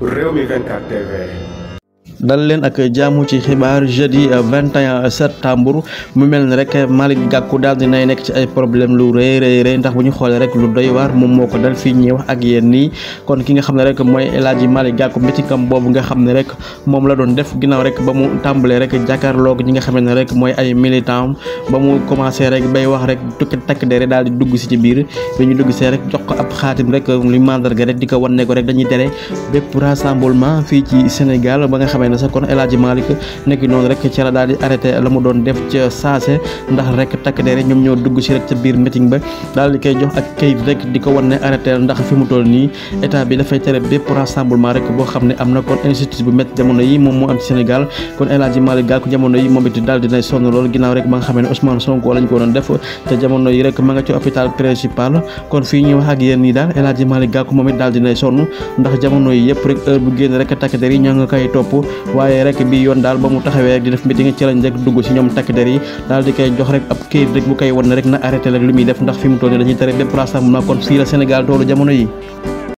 Réumi 24 TV. dal leen ak jaamu ci xibaar jeudi 21 septembre mu mel ni rek Malick Gakou daal dinay nekk ci ay problème lu rëy rëy rëy ndax bu ñu rek lu doy waar moom moo dal fii ñuy wax ak yéen nii kon ki nga xam ne rek mooy El Hadji Malick Gakou métikam boobu nga xam ne rek moom la doon def ginnaaw rek ba mu tàmbalee rek jàkkaarloog ñi nga xam ne rek mooy ay militant ba mu commencé rek bay wax rek tukki takk dere daal di dugg si ci biir bi dugg see rek jox ko ab xaatim rek li mandarga rek di ko ko rek dañuy tere bépp rassemblement fii ci Sénégal ba nga xam may na sa kon El Hadji Malick nekk noonu rek ci la daal di arrêté la def saase ndax rek takk dere ñoom ñoo dugg si rek ca biir meeting ba daal di koy jox ak kayit rek di ko wan ne arrêté ndax fi mu toll nii état bi dafay tere bépp rassemblement rek na kon injustice bu métti jamono yi moom moo am ci Sénégal kon El Hadji Malick Gakou jamono yi rek ma nga xamee Ousmane Sonko lañ ko doon def te jamono yi rek ma nga ci hôpital principal kon fii ñuy wax ak yéen nii daal El Hadji Malick Gakou moom it daal dinay sonn ndax jamono yi yëpp rek heure bu génn rek waaye rek bi yoon daal ba mu taxawee rek di def meeting ci lañ rek dugg si ñoom takk der yi daal di koy jox rek ab këyit rek bu koy wan rek na arrêté rek li muy def ndax fi mu toll nii dañuy tere déplacement mu na kon fii la toolu jamono yi